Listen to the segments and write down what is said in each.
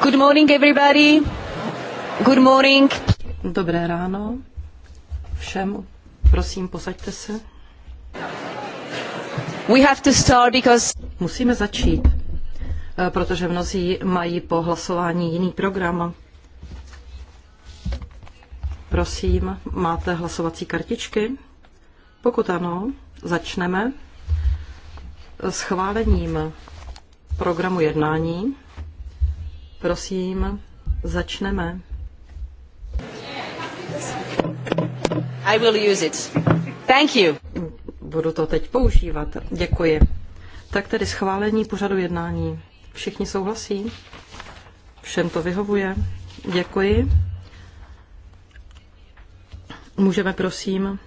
Good morning everybody. Good morning. Dobré ráno všem. Prosím, posaďte se. We have to start because... Musíme začít, eh, protože mnozí mají po hlasování jiný program. Prosím, máte hlasovací kartičky? Pokud ano, začneme schválením programu jednání. Prosím, začneme. I will use it. Thank you. Budu to teď používat. Děkuji. Tak tedy schválení pořadu jednání. Všichni souhlasí? Všem to vyhovuje? Děkuji. Můžeme prosím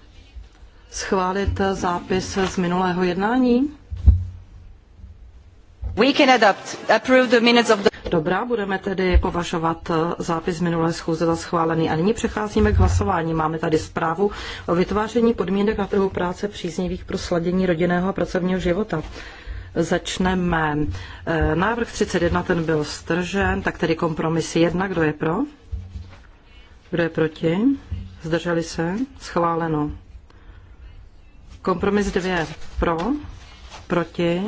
schválit zápis z minulého jednání? We can adopt, approve the minutes of the... Dobrá, budeme tedy považovat eh, zápis minulé schůze za schválený. A nyní přecházíme k hlasování. Máme tady zprávu o vytváření podmínek na trhu práce příznivých pro sladění rodinného a pracovního života. Začneme. Eh, návrh 31, ten byl stržen, tak tedy kompromis 1. Kdo je pro? Kdo je proti? Zdrželi se? Schváleno. Kompromis 2. Pro? Proti?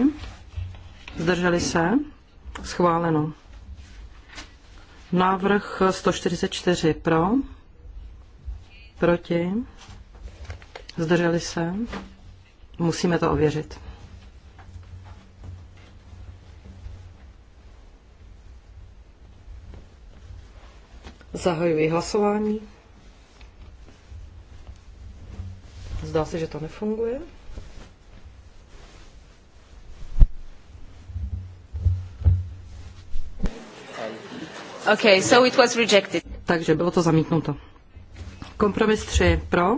Zdrželi se? Schváleno. Návrh 144 pro, proti, zdrželi se, musíme to ověřit. Zahajuji hlasování. Zdá se, že to nefunguje. Okay, so it was rejected. Takže bylo to zamítnuto. Kompromis 3 pro,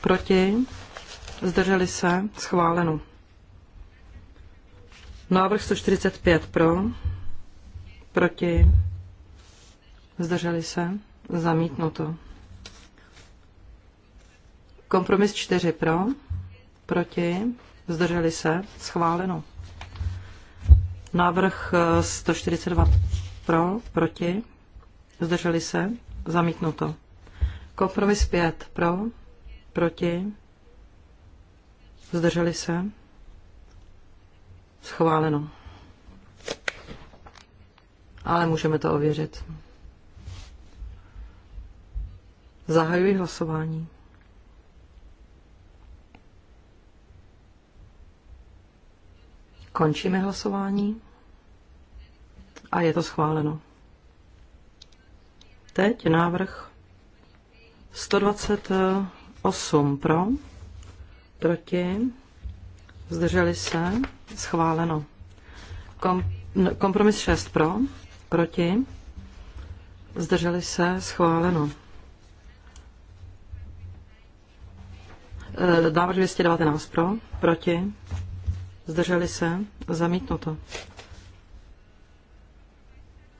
proti, zdrželi se, schváleno. Návrh 145 pro, proti, zdrželi se, zamítnuto. Kompromis 4 pro, proti, zdrželi se, schváleno. Návrh 142 pro, proti, zdrželi se, zamítnuto. Kompromis 5. Pro, proti, zdrželi se, schváleno. Ale můžeme to ověřit. Zahajuji hlasování. Končíme hlasování a je to schváleno. Teď návrh 128 pro, proti, zdrželi se, schváleno. Kom, kompromis 6 pro, proti, zdrželi se, schváleno. E, návrh 219 pro, proti, zdrželi se, zamítnuto.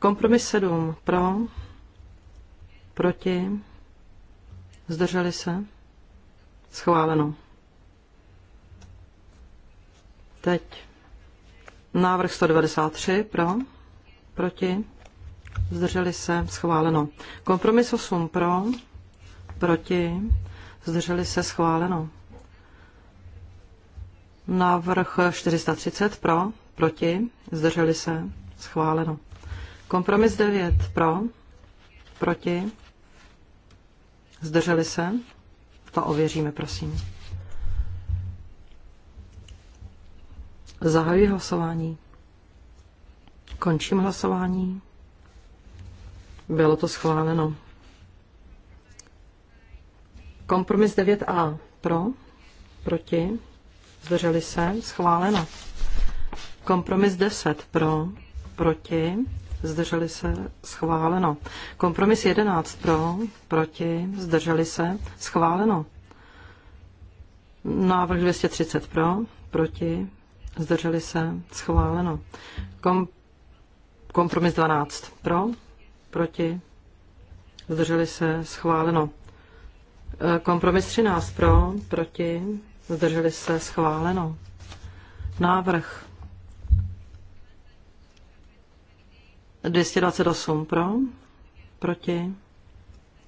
Kompromis 7 pro, proti, zdrželi se, schváleno. Teď návrh 193 pro, proti, zdrželi se, schváleno. Kompromis 8 pro, proti, zdrželi se, schváleno. Návrh 430 pro, proti, zdrželi se, schváleno. Kompromis 9 pro, proti, zdrželi se, to ověříme, prosím. Zahajuji hlasování. Končím hlasování. Bylo to schváleno. Kompromis 9a pro, proti, zdrželi se, schváleno. Kompromis 10 pro, proti, zdrželi se, schváleno. Kompromis 11 pro, proti, zdrželi se, schváleno. Návrh 230 pro, proti, zdrželi se, schváleno. Kom, kompromis 12 pro, proti, zdrželi se, schváleno. E, kompromis 13 pro, proti, zdrželi se, schváleno. Návrh 228 pro, proti,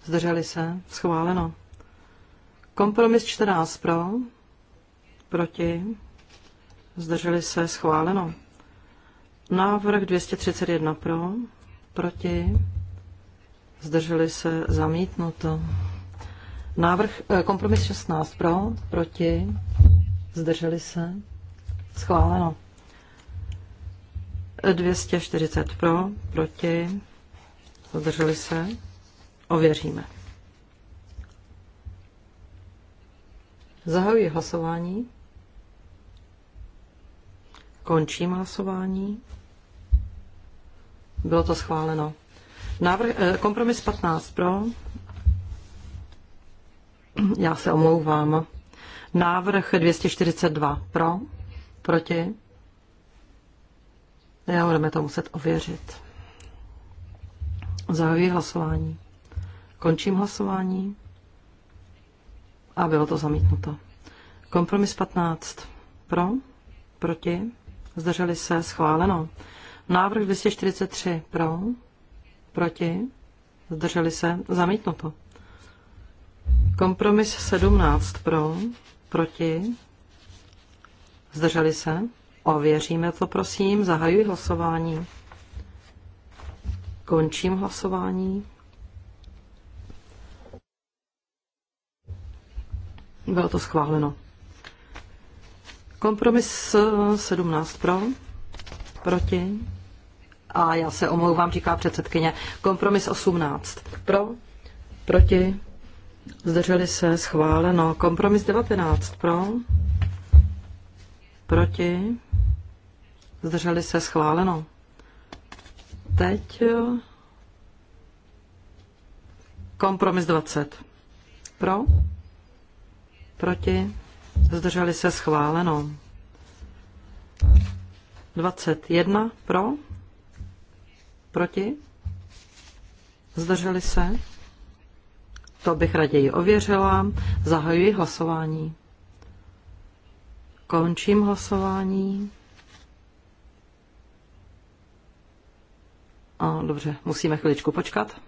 zdrželi se, schváleno. Kompromis 14 pro, proti, zdrželi se, schváleno. Návrh 231 pro, proti, zdrželi se, zamítnuto. Návrh, eh, kompromis 16 pro, proti, zdrželi se, schváleno. 240 pro, proti, zdrželi se, ověříme. Zahajuji hlasování. Končím hlasování. Bylo to schváleno. Návrh, eh, kompromis 15 pro. Já se omlouvám. Návrh 242 pro. Proti. Já budeme to muset ověřit. Zahajuji hlasování. Končím hlasování. A bylo to zamítnuto. Kompromis 15. Pro? Proti? Zdrželi se? Schváleno. Návrh 243. Pro? Proti? Zdrželi se? Zamítnuto. Kompromis 17. Pro? Proti? Zdrželi se? Ověříme to, prosím. Zahajuji hlasování. Končím hlasování. Bylo to schváleno. Kompromis 17 pro, proti. A já se omlouvám, říká předsedkyně. Kompromis 18 pro, proti. Zdrželi se, schváleno. Kompromis 19 pro, proti. Zdrželi se schváleno. Teď kompromis 20. Pro? Proti? Zdrželi se schváleno. 21 pro? Proti? Zdrželi se? To bych raději ověřila. Zahajuji hlasování. Končím hlasování. A dobře, musíme chviličku počkat.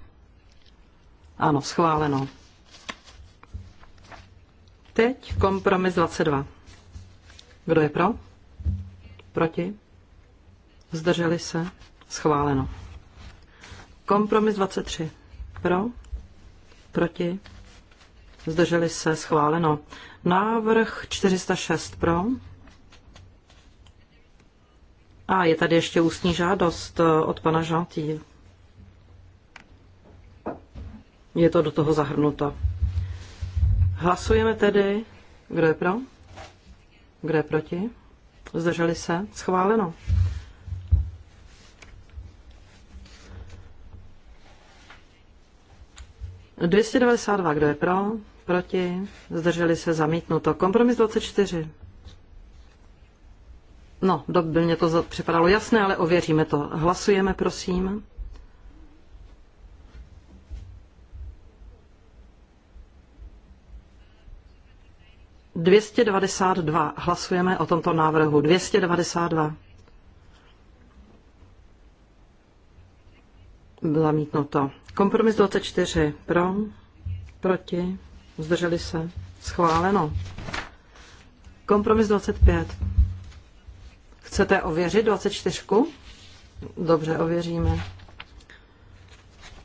Ano, schváleno. Teď kompromis 22. Kdo je pro? Proti? Zdrželi se? Schváleno. Kompromis 23. Pro? Proti? Zdrželi se? Schváleno. Návrh 406 pro? A je tady ještě ústní žádost eh, od pana Žantý. Je to do toho zahrnuto. Hlasujeme tedy. Kdo je pro? Kdo je proti? Zdrželi se? Schváleno. Dvěstě devadesát Kdo je pro? Proti? Zdrželi se? Zamítnuto. Kompromis 24. No, byl mě to připadalo jasné, ale ověříme to. Hlasujeme, prosím. Dvěstě devadesát dva. Hlasujeme o tomto návrhu. Dvěstě devadesát dva. Zamítnuto. Kompromis 24. Pro? Proti? Zdrželi se? Schváleno. Kompromis 25. Chcete ověřit 24? Dobře, ověříme.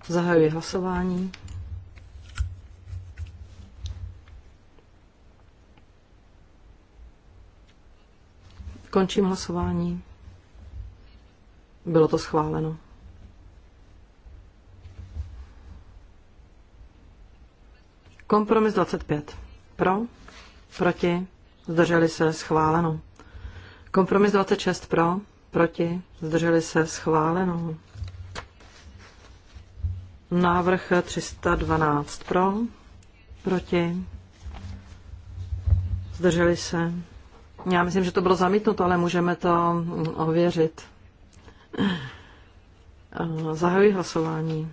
Zahajuji hlasování. Končím hlasování. Bylo to schváleno. Kompromis 25. Pro, proti, zdrželi se, schváleno. Kompromis 26 pro, proti, zdrželi se schváleno. Návrh 312 pro, proti, zdrželi se. Já myslím, že to bylo zamítnuto, ale můžeme to ověřit. Eh, zahajuji hlasování.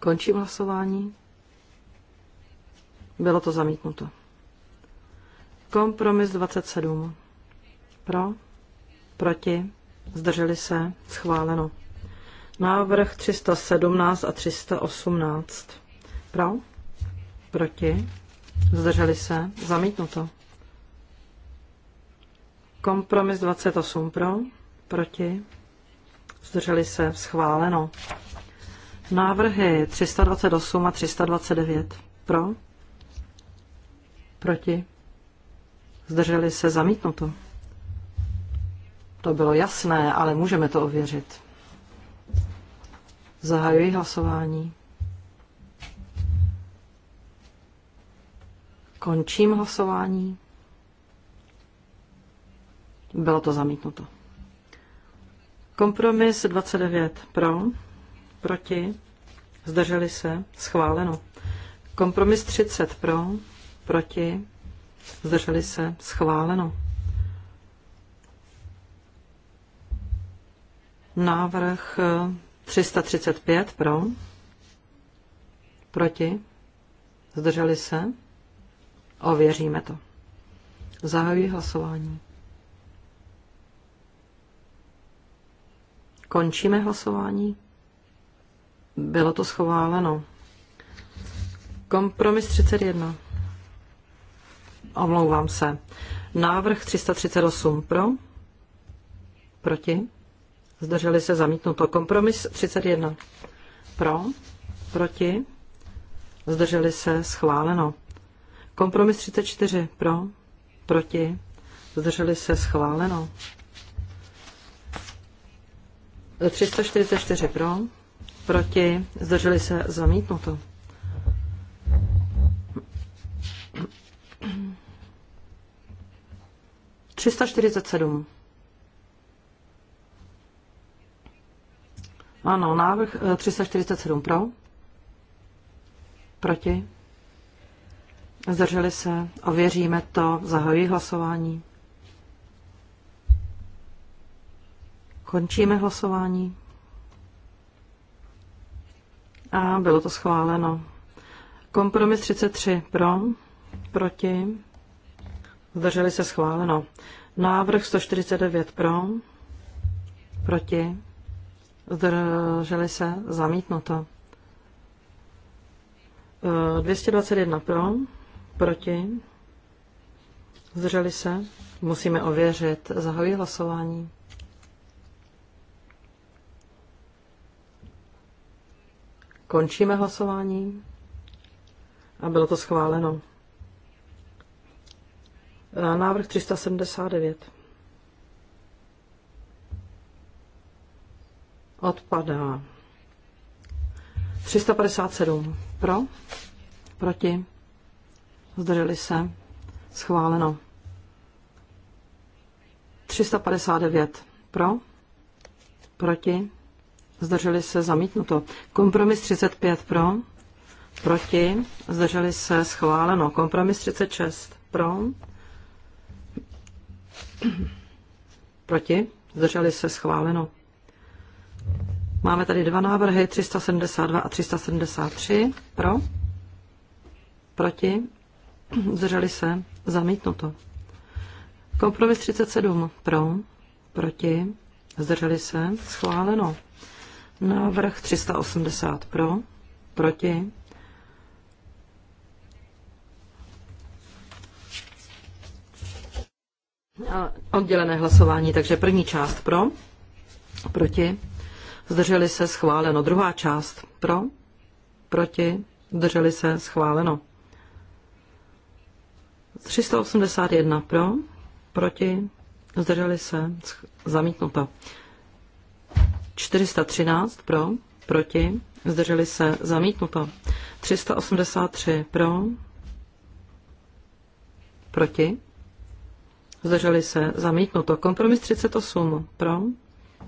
Končím hlasování. Bylo to zamítnuto. Kompromis 27. Pro? Proti? Zdrželi se? Schváleno. Návrh 317 a 318. Pro? Proti? Zdrželi se? Zamítnuto. Kompromis 28 pro, proti, zdrželi se, schváleno. Návrhy 328 a 329 pro, proti, Zdrželi se zamítnuto. To bylo jasné, ale můžeme to ověřit. Zahajuji hlasování. Končím hlasování. Bylo to zamítnuto. Kompromis 29 pro, proti, zdrželi se, schváleno. Kompromis 30 pro, proti, zdrželi se, schváleno. Návrh 335 eh, pro, proti, zdrželi se, ověříme to. Zahajuji hlasování. Končíme hlasování. Bylo to schváleno. Kompromis 31 omlouvám se. Návrh 338 pro, proti, zdrželi se zamítnuto. Kompromis 31 pro, proti, zdrželi se schváleno. Kompromis 34 pro, proti, zdrželi se schváleno. 344 pro, proti, zdrželi se zamítnuto. 347. Ano, návrh 347 eh, pro. Proti. Zdrželi se. Ověříme to. Zahajuji hlasování. Končíme hlasování. A bylo to schváleno. Kompromis 33 pro, proti, Zdrželi se schváleno. Návrh 149 pro, proti, zdrželi se zamítnuto. 221 e, pro, proti, zdrželi se, musíme ověřit, zahajuji hlasování. Končíme hlasování a bylo to schváleno. Eh, návrh 379. Odpadá. 357. Pro? Proti? Zdrželi se? Schváleno. 359. Pro? Proti? Zdrželi se? Zamítnuto. Kompromis 35. Pro? Proti? Zdrželi se? Schváleno. Kompromis 36. Pro? Proti? Zdrželi se schváleno. Máme tady dva návrhy, 372 a 373. Pro? Proti? Zdrželi se? Zamítnuto. Kompromis 37. Pro? Proti? Zdrželi se? Schváleno. Návrh 380 pro, proti, Oddělené hlasování, takže první část pro, proti, zdrželi se schváleno. Druhá část pro, proti, zdrželi se schváleno. 381 pro, proti, zdrželi se, zamítnuto. 413 pro, proti, zdrželi se, zamítnuto. 383 pro, proti, zdrželi se, zamítnuto. Kompromis 38 pro,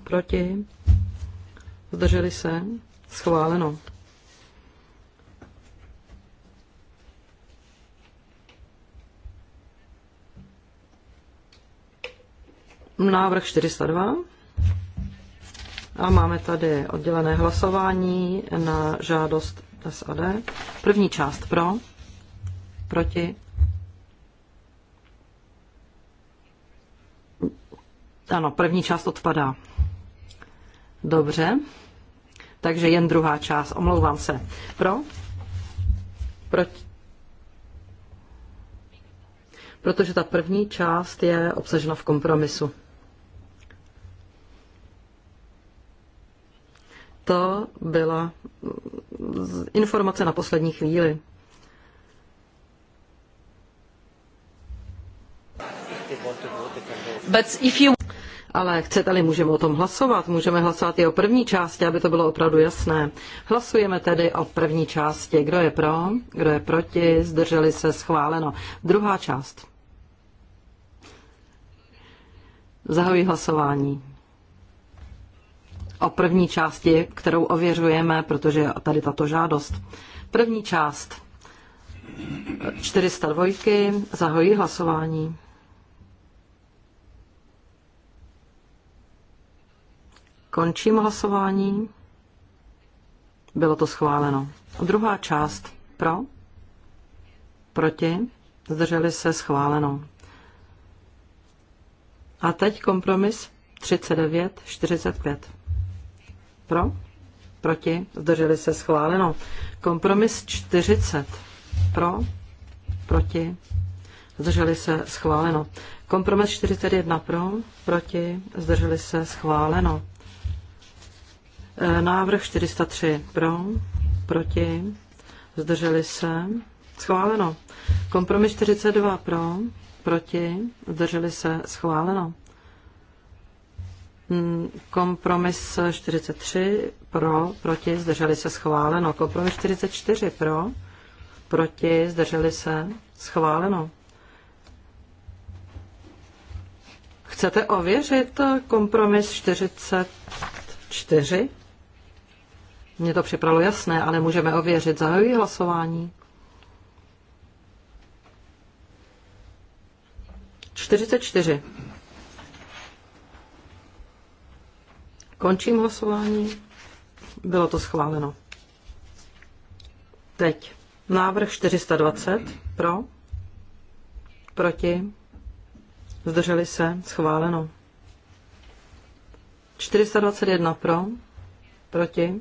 proti, zdrželi se, schváleno. Návrh 402. A máme tady oddělené hlasování na žádost SAD. První část pro, proti, Ano, první část odpadá. Dobře. Takže jen druhá část. Omlouvám se. Pro? Proč? Protože ta první část je obsažena v kompromisu. To byla informace na poslední chvíli. But if you... Ale chcete-li, můžeme o tom hlasovat. Můžeme hlasovat i o první části, aby to bylo opravdu jasné. Hlasujeme tedy o první části. Kdo je pro, kdo je proti, zdrželi se, schváleno. Druhá část. Zahajuji hlasování. O první části, kterou ověřujeme, protože je tady tato žádost. První část 402. Zahojí hlasování. Končím hlasování. Bylo to schváleno. Druhá část pro, proti, zdrželi se schváleno. A teď kompromis 39, 45. Pro, proti, zdrželi se schváleno. Kompromis 40. Pro, proti, zdrželi se schváleno. Kompromis 41 pro, proti, zdrželi se schváleno. Eh, návrh 403 pro, proti, zdrželi se, schváleno. Kompromis 42 hmm, pro, proti, zdrželi se, schváleno. Kompromis 43 pro, proti, zdrželi se, schváleno. Kompromis 44 pro, proti, zdrželi se, schváleno. Chcete ověřit eh, kompromis 44? Mně to připravilo jasné, ale můžeme ověřit. Zahajuji hlasování. 44. Končím hlasování. Bylo to schváleno. Teď návrh 420 pro, proti, zdrželi se, schváleno. 421 pro, proti,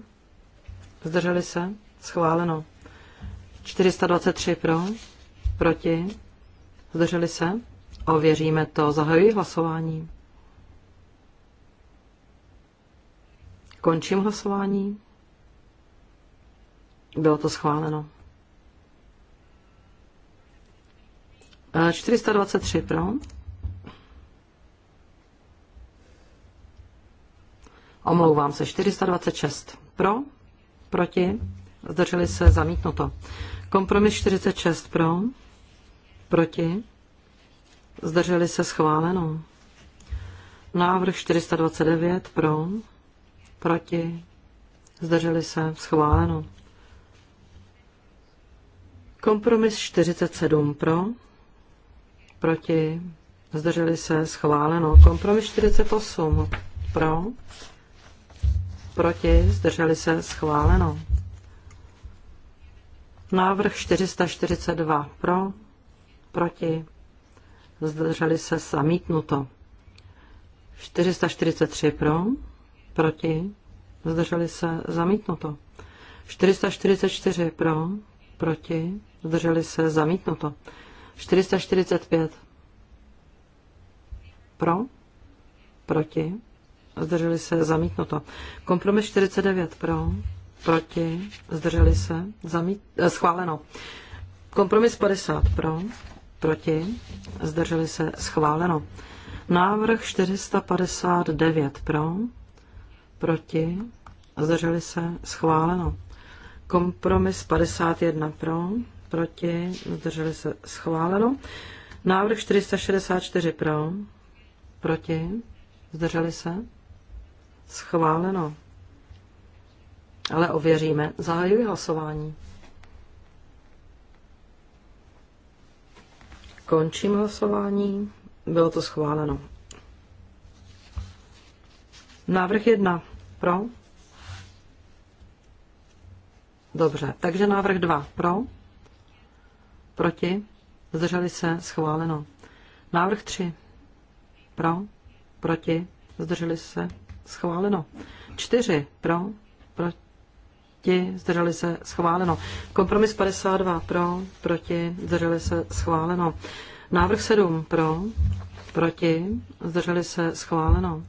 Zdrželi se? Schváleno. 423 pro, proti, zdrželi se? Ověříme to. Zahajuji hlasování. Končím hlasování. Bylo to schváleno. 423 e, pro. Omlouvám se, 426 pro. Proti? Zdrželi se zamítnuto. Kompromis 46 pro? Proti? Zdrželi se schváleno. Návrh 429 pro? Proti? Zdrželi se schváleno. Kompromis 47 pro? Proti? Zdrželi se schváleno. Kompromis 48 pro? proti, zdrželi se, schváleno. Návrh 442 pro, proti, zdrželi se, zamítnuto. 443 pro, proti, zdrželi se, zamítnuto. 444 pro, proti, zdrželi se, zamítnuto. 445 pro, proti, zdrželi se, zamítnuto. Kompromis 49 pro, proti, zdrželi se, zamít, eh, schváleno. Kompromis 50 pro, proti, zdrželi se, schváleno. Návrh 459 pro, proti, zdrželi se, schváleno. Kompromis 51 pro, proti, zdrželi se, schváleno. Návrh 464 pro, proti, zdrželi se, Schváleno. Ale ověříme. Zahajuji hlasování. Končím hlasování. Bylo to schváleno. Návrh jedna. Pro? Dobře. Takže návrh dva. Pro? Proti? Zdrželi se? Schváleno. Návrh tři. Pro? Proti? Zdrželi se? schváleno. čtyři pro, proti, zdrželi se, schváleno. Kompromis 52 pro, proti, zdrželi se, schváleno. Návrh 7 pro, proti, zdrželi se, schváleno.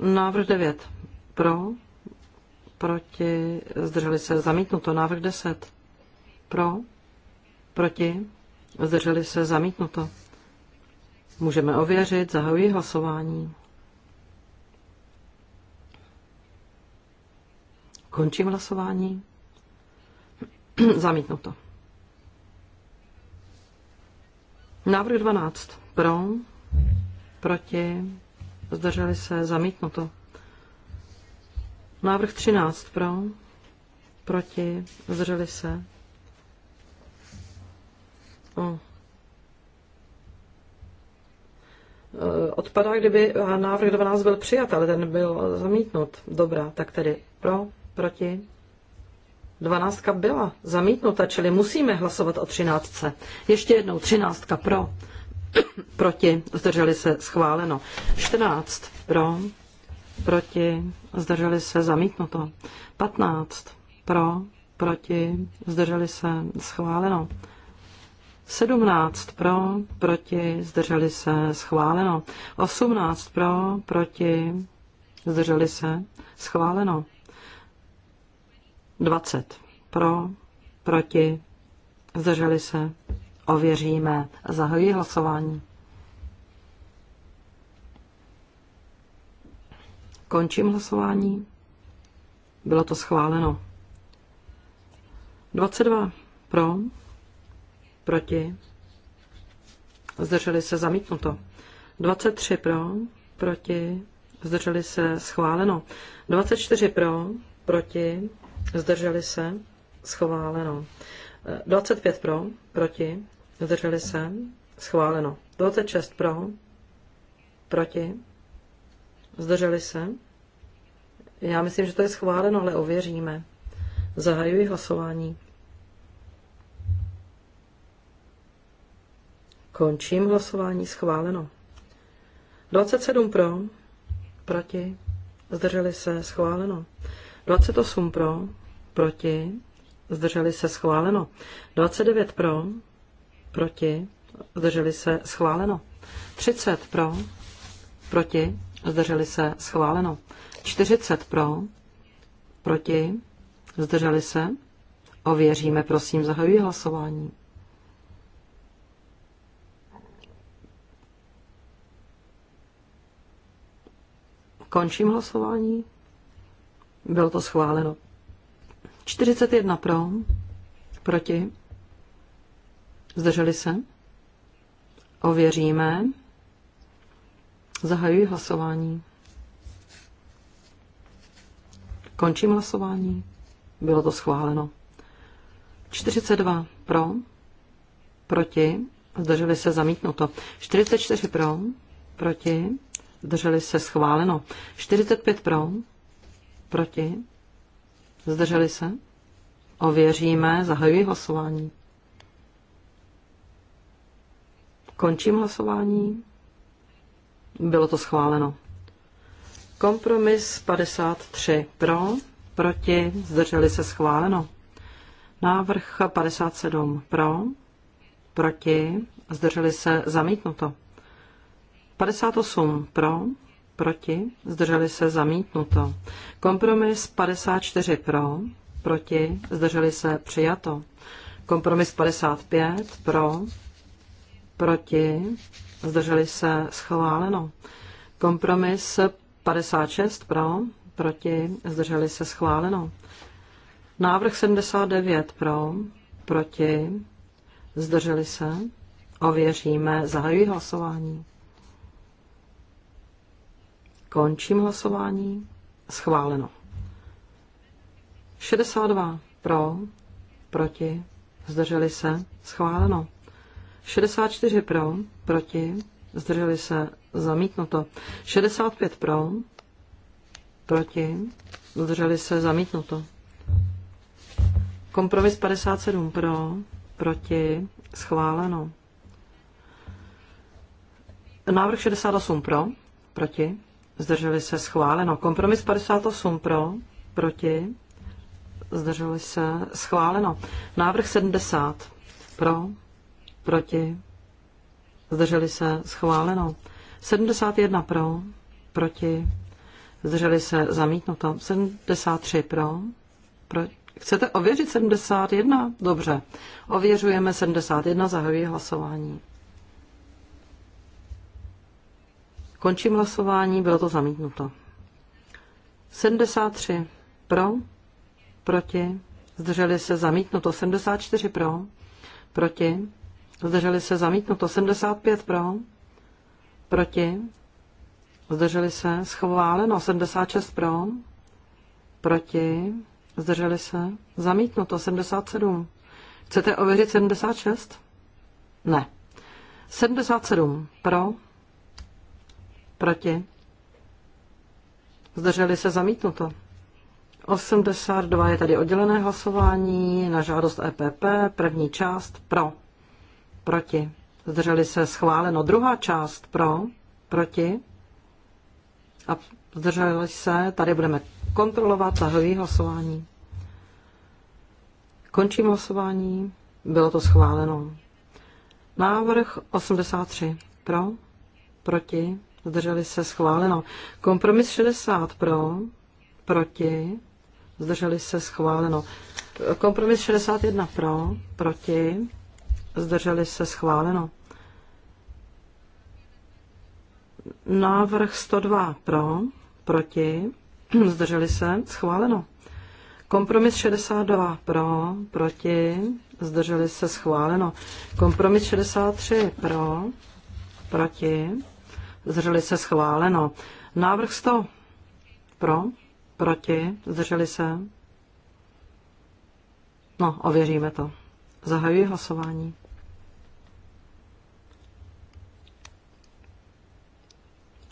Návrh 9 pro, proti, zdrželi se, zamítnuto. Návrh 10 pro, proti, zdrželi se, zamítnuto. Můžeme ověřit, zahajuji hlasování. Končím hlasování. Zamítnuto. Návrh 12. Pro, proti, zdrželi se, zamítnuto. Návrh 13. Pro, proti, zdrželi se. O, Eh, odpadá, kdyby návrh 12 byl přijat, ale ten byl zamítnut. Dobrá, tak tedy pro, proti. 12 byla zamítnuta, čili musíme hlasovat o 13. Ještě jednou 13 pro, proti, zdrželi se schváleno. 14 pro, proti, zdrželi se zamítnuto. 15 pro, proti, zdrželi se schváleno. 17 pro, proti, zdrželi se, schváleno. 18 pro, proti, zdrželi se, schváleno. 20 pro, proti, zdrželi se, ověříme. Zahojí hlasování. Končím hlasování. Bylo to schváleno. 22 pro, proti, zdrželi se zamítnuto. 23 pro, proti, zdrželi se schváleno. 24 pro, proti, zdrželi se schváleno. 25 pro, proti, zdrželi se schváleno. 26 pro, proti, zdrželi se. Já myslím, že to je schváleno, ale ověříme. Zahajuji hlasování. Končím hlasování. Schváleno. 27 pro. Proti. Zdrželi se. Schváleno. 28 pro. Proti. Zdrželi se. Schváleno. 29 pro. Proti. Zdrželi se. Schváleno. 30 pro. Proti. Zdrželi se. Schváleno. 40 pro. Proti. Zdrželi se. Ověříme, prosím, zahajuji hlasování. Končím hlasování. Bylo to schváleno. 41 pro, proti, zdrželi se. Ověříme. Zahajuji hlasování. Končím hlasování. Bylo to schváleno. 42 pro, proti, zdrželi se zamítnuto. 44 pro, proti, zdrželi se schváleno. 45 pro, proti, zdrželi se. Ověříme, zahajuji hlasování. Končím hlasování. Bylo to schváleno. Kompromis 53 pro, proti, zdrželi se schváleno. Návrh 57 pro, proti, zdrželi se zamítnuto. 58 pro, proti, zdrželi se zamítnuto. Kompromis 54 pro, proti, zdrželi se přijato. Kompromis 55 pro, proti, zdrželi se schváleno. Kompromis 56 pro, proti, zdrželi se schváleno. Návrh 79 pro, proti, zdrželi se. Ověříme, zahajuji hlasování. Končím hlasování. Schváleno. 62 pro, proti, zdrželi se, schváleno. 64 pro, proti, zdrželi se, zamítnuto. 65 pro, proti, zdrželi se, zamítnuto. Kompromis 57 pro, proti, schváleno. Návrh 68 pro, proti, zdrželi se schváleno. Kompromis 58 pro, proti, zdrželi se schváleno. Návrh 70 pro, proti, zdrželi se schváleno. 71 pro, proti, zdrželi se zamítnuto. 73 pro, pro Chcete ověřit 71? Dobře. Ověřujeme 71, zahajuji hlasování. Končím hlasování, bylo to zamítnuto. 73 pro, proti, zdrželi se zamítnuto. 74 pro, proti, zdrželi se zamítnuto. 75 pro, proti, zdrželi se schváleno. 76 pro, proti, zdrželi se zamítnuto. 77. Chcete ověřit 76? Ne. 77 pro, Proti? Zdrželi se zamítnuto. 82 je tady oddělené hlasování na žádost EPP. První část pro. Proti. Zdrželi se schváleno. Druhá část pro. Proti. A zdrželi se. Tady budeme kontrolovat zahový hlasování. Končím hlasování. Bylo to schváleno. Návrh 83. Pro. Proti zdrželi se schváleno. Kompromis 60 pro, proti, zdrželi se schváleno. Kompromis 61 pro, proti, zdrželi se schváleno. Návrh 102 pro, proti, zdrželi se schváleno. Kompromis 62 pro, proti, zdrželi se schváleno. Kompromis 63 pro, proti, zřeli se schváleno. Návrh 100 pro, proti, zdrželi se. No, ověříme to. Zahajuji hlasování.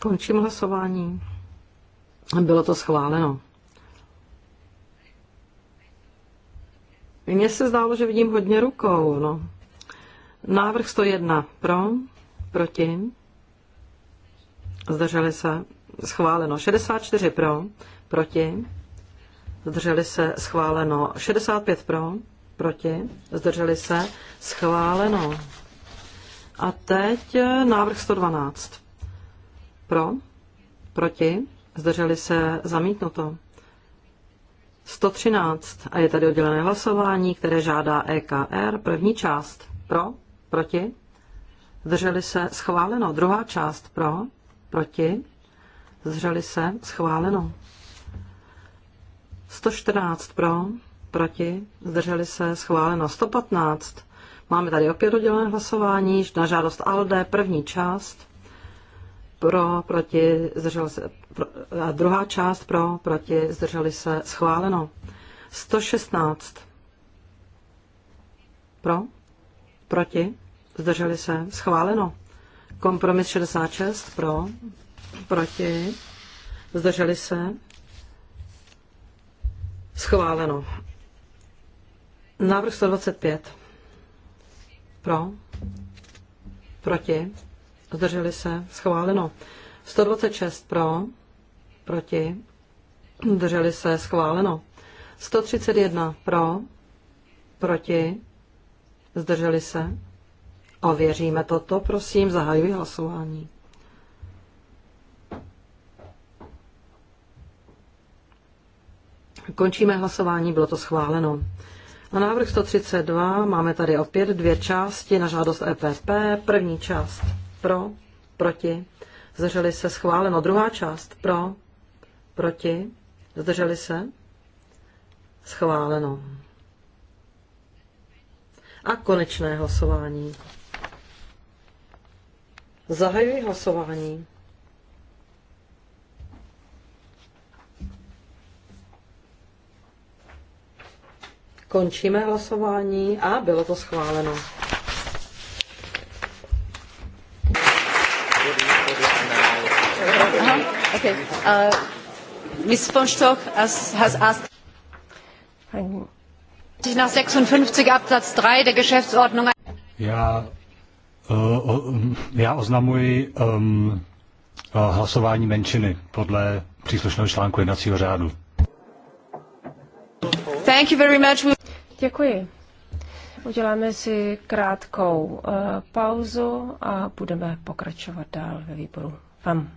Končím hlasování. Bylo to schváleno. Mně se zdálo, že vidím hodně rukou. No. Návrh 101 pro, proti, zdrželi se, schváleno 64 pro, proti, zdrželi se, schváleno 65 pro, proti, zdrželi se, schváleno. A teď eh, návrh 112. Pro, proti, zdrželi se, zamítnuto. 113. A je tady oddělené hlasování, které žádá EKR. První část pro, proti, zdrželi se, schváleno. Druhá část pro, Proti? Zdrželi se? Schváleno. 114 pro, proti, zdrželi se, schváleno 115. Máme tady opět oddělené hlasování na žádost ALDE, první část pro, proti, zdrželi se, pro, a druhá část pro, proti, zdrželi se, schváleno. 116 pro, proti, zdrželi se, schváleno. Kompromis 66 pro, proti, zdrželi se, schváleno. Návrh 125 pro, proti, zdrželi se, schváleno. 126 pro, proti, zdrželi se, schváleno. 131 pro, proti, zdrželi se, Ověříme toto, prosím, zahajuji hlasování. Končíme hlasování, bylo to schváleno. Na návrh 132 máme tady opět dvě části na žádost EPP. První část pro, proti, zdrželi se schváleno. Druhá část pro, proti, zdrželi se schváleno. A konečné hlasování. Zahajuji hlasování. Končíme hlasování a bylo to schváleno. Miss 56 3 der Geschäftsordnung. Já Eh, mm, já oznamuji um, hlasování menšiny podle příslušného článku jednacího řádu. Thank you very much. Děkuji. Uděláme si krátkou uh, pauzu a budeme pokračovat dál ve výboru. Vám.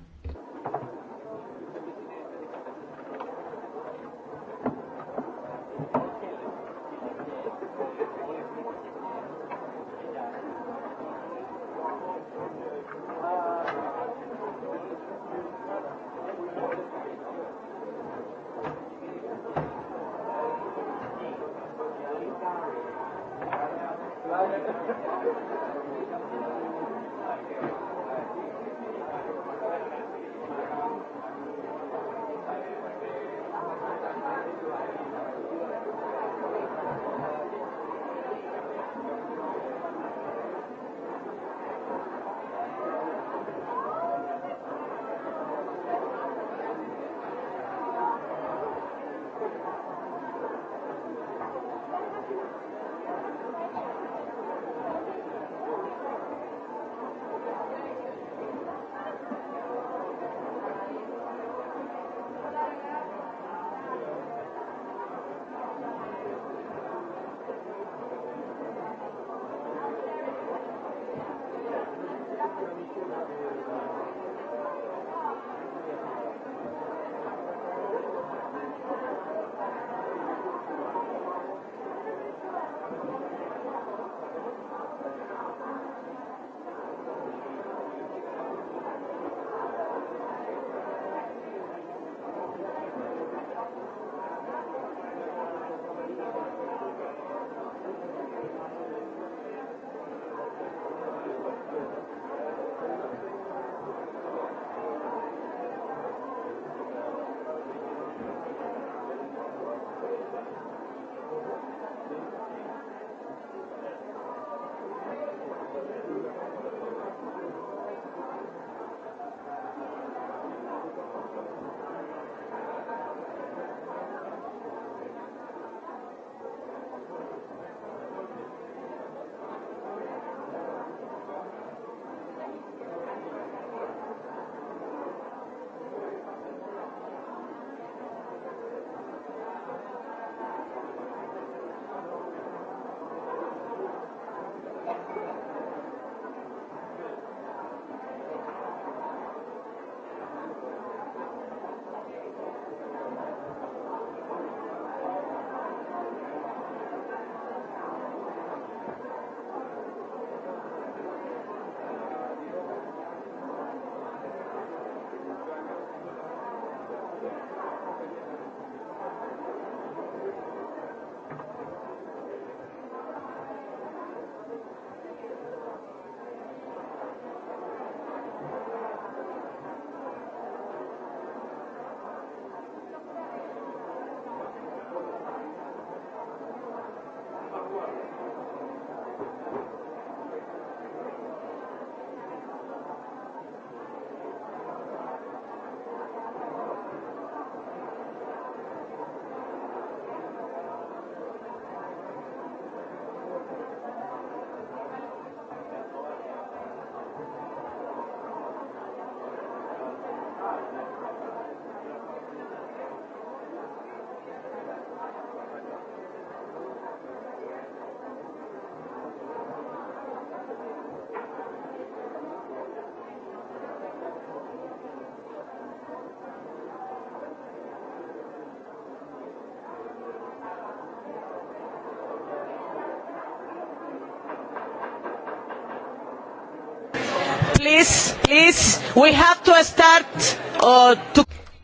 Uh,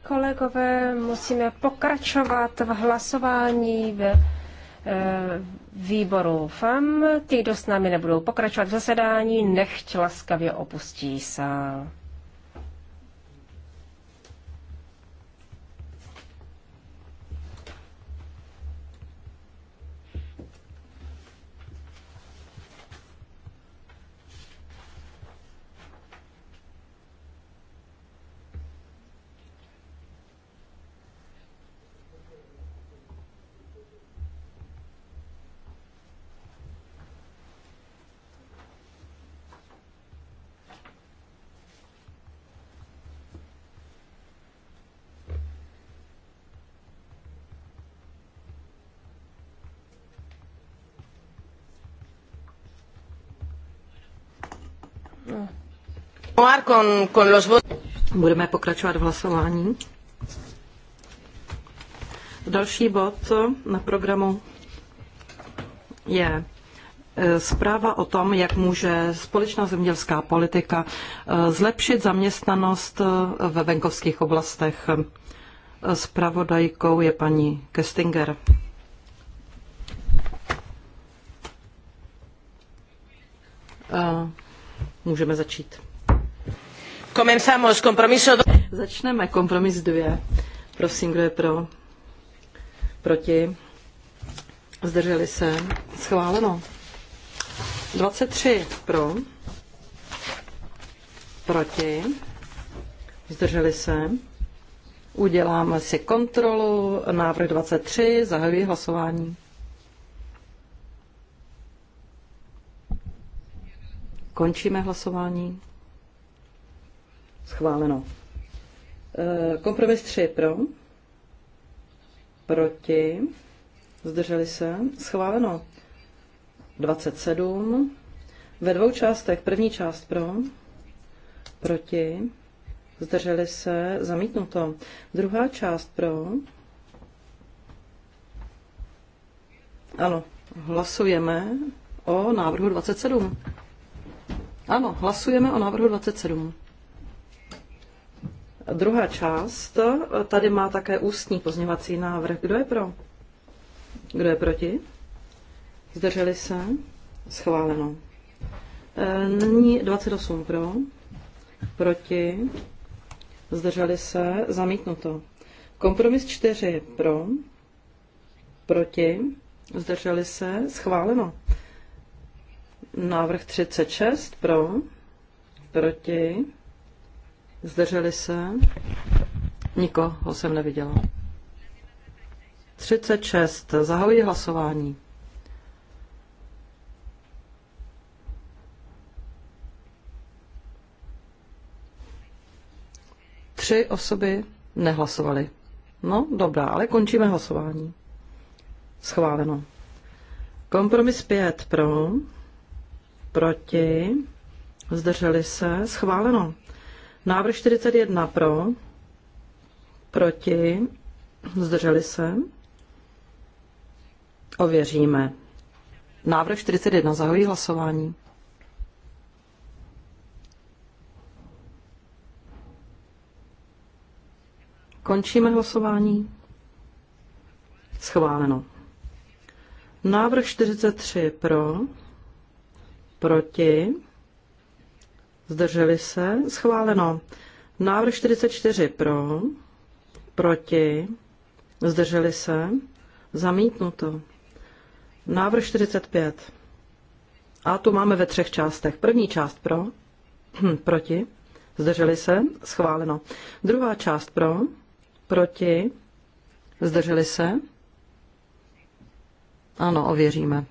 Kolegové, musíme pokračovat v hlasování v eh, výboru FAM. Ty, kdo s námi nebudou pokračovat v zasedání, nechť laskavě opustí sál. Budeme pokračovat v hlasování. Další bod na programu je e, zpráva o tom, jak může společná zemědělská politika e, zlepšit zaměstnanost e, ve venkovských oblastech. Spravodajkou je paní Kestinger. Můžeme začít. Comenzamos compromiso do... Začneme kompromis 2. Prosím, kdo je pro? Proti? Zdrželi se? Schváleno. 23 pro. Proti? Zdrželi se? Uděláme si kontrolu. Návrh 23. Zahajuji hlasování. Končíme hlasování. Schváleno. E, kompromis 3 pro. Proti. Zdrželi se. Schváleno. 27. Ve dvou částech. První část pro. Proti. Zdrželi se. Zamítnuto. Druhá část pro. Ano. Hlasujeme o návrhu 27. Ano, hlasujeme o návrhu 27. Druhá část, eh, tady má také ústní pozněvací návrh. Kdo je pro? Kdo je proti? Zdrželi se? Schváleno. Eh, nyní 28 pro, proti, zdrželi se, zamítnuto. Kompromis 4 pro, proti, zdrželi se, schváleno. Návrh 36 pro, proti, Zdrželi se? Nikoho jsem neviděla. 36. Zahajuji hlasování. Tři osoby nehlasovaly. No, dobrá, ale končíme hlasování. Schváleno. Kompromis 5 pro, proti, zdrželi se, schváleno. Návrh 41 pro, proti, zdrželi se. Ověříme. Návrh 41. Zahojí hlasování. Končíme hlasování. Schváleno. Návrh 43 pro, proti, zdrželi se, schváleno. Návrh 44 pro, proti, zdrželi se, zamítnuto. Návrh 45. A tu máme ve třech částech. První část pro, hm, proti, zdrželi se, schváleno. Druhá část pro, proti, zdrželi se. Ano, ověříme.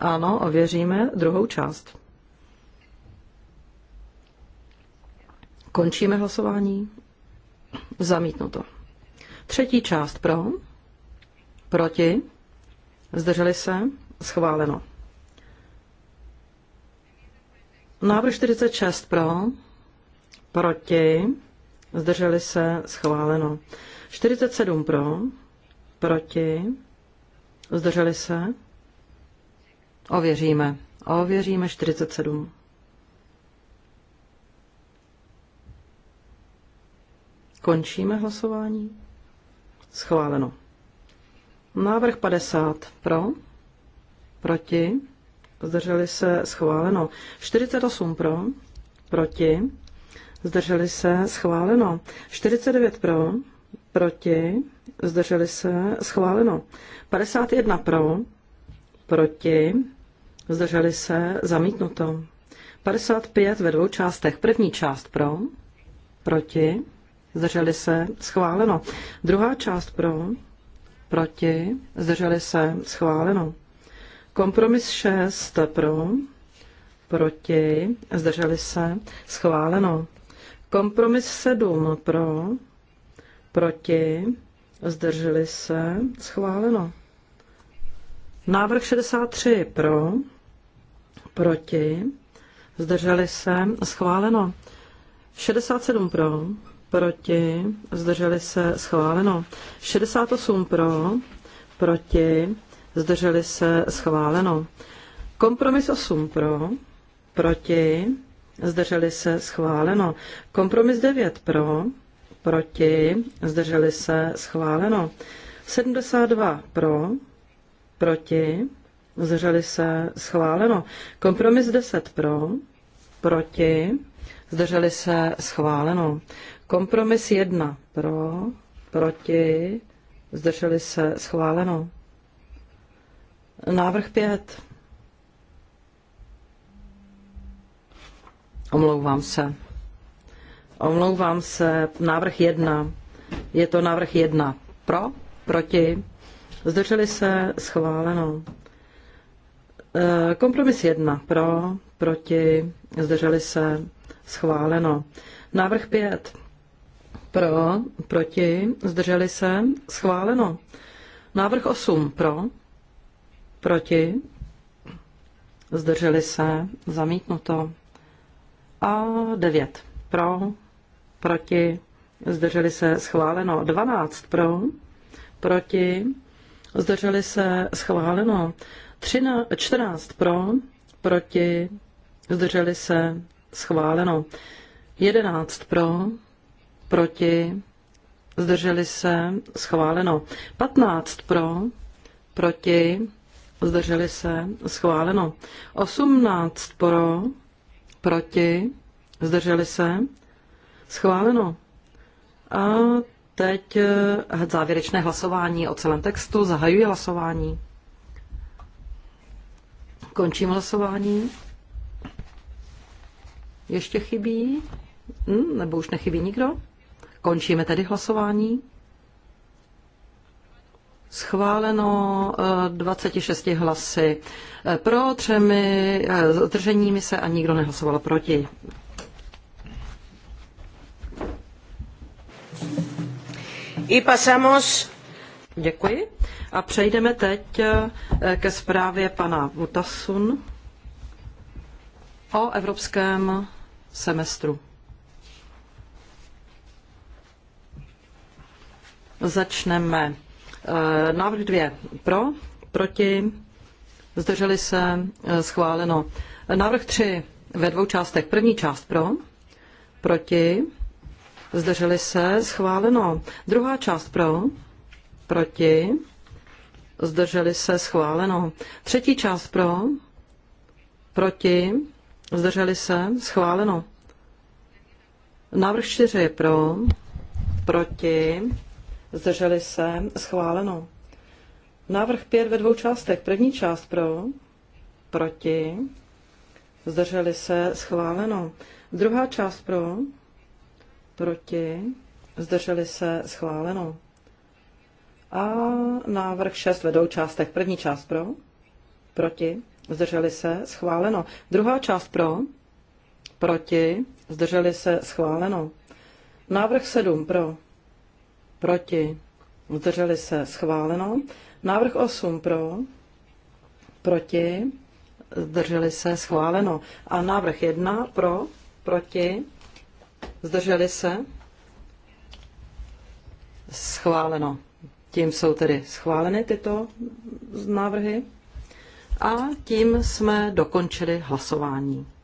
Ano, ověříme druhou část. Končíme hlasování. Zamítnuto. Třetí část pro, proti, zdrželi se, schváleno. Návrh 46 pro, proti, zdrželi se, schváleno. 47 pro, proti, zdrželi se, ověříme. Ověříme 47. Končíme hlasování. Schváleno. Návrh 50 pro, proti, zdrželi se, schváleno. 48 pro, proti, zdrželi se, schváleno. 49 pro, proti, zdrželi se, schváleno. 51 pro, proti, zdrželi se, zamítnuto. 55 ve dvou částech. První část pro, proti, zdrželi se, schváleno. Druhá část pro, proti, zdrželi se, schváleno. Kompromis 6 pro, proti, zdrželi se, schváleno. Kompromis 7 pro, proti, zdrželi se, schváleno. Návrh 63 pro, proti, zdrželi se, schváleno. 67 pro, proti, zdrželi se schváleno. 68 pro, proti, zdrželi se schváleno. Kompromis 8 pro, proti, zdrželi se schváleno. Kompromis 9 pro, proti, zdrželi se schváleno. 72 pro, proti, zdrželi se schváleno. Kompromis 10 pro, proti, zdrželi se schváleno. Kompromis 1 pro, proti, zdrželi se, schváleno. Návrh 5. Omlouvám se. Omlouvám se. Návrh 1. Je to návrh 1. Pro, proti, zdrželi se, schváleno. E, kompromis 1. Pro, proti, zdrželi se, schváleno. Návrh 5 pro, proti, zdrželi se, schváleno. Návrh 8 pro, proti, zdrželi se, zamítnuto. A 9 pro, proti, zdrželi se, schváleno. 12 pro, proti, zdrželi se, schváleno. 13, 14 pro, proti, zdrželi se, schváleno. 11 pro, proti, zdrželi se, schváleno. 15 pro, proti, zdrželi se, schváleno. 18 pro, proti, zdrželi se, schváleno. A teď eh, závěrečné hlasování o celém textu. Zahajuji hlasování. Končím hlasování. Ještě chybí? Hm, nebo už nechybí nikdo? Končíme tedy hlasování. Schváleno 26 eh, hlasy eh, pro, třemi eh, zdrženími se a nikdo nehlasoval proti. I pasamos. Děkuji. A přejdeme teď ke zprávě pana Vutasun o evropském semestru. Začneme. Eh, návrh dvě pro, proti, zdrželi se, eh, schváleno. Návrh tři ve dvou částech. První část pro, proti, zdrželi se, schváleno. Druhá část pro, proti, zdrželi se, schváleno. Třetí část pro, proti, zdrželi se, schváleno. Návrh čtyři pro, proti, zdrželi se, schváleno. Návrh 5 ve dvou částech. První část pro, proti, zdrželi se, schváleno. Druhá část pro, proti, zdrželi se, schváleno. A návrh 6 ve dvou částech. První část pro, proti, zdrželi se, schváleno. Druhá část pro, proti, zdrželi se, schváleno. Návrh 7 pro, proti, zdrželi se, schváleno. Návrh 8 pro, proti, zdrželi se, schváleno. A návrh 1 pro, proti, zdrželi se, schváleno. Tím jsou tedy schváleny tyto návrhy. A tím jsme dokončili hlasování.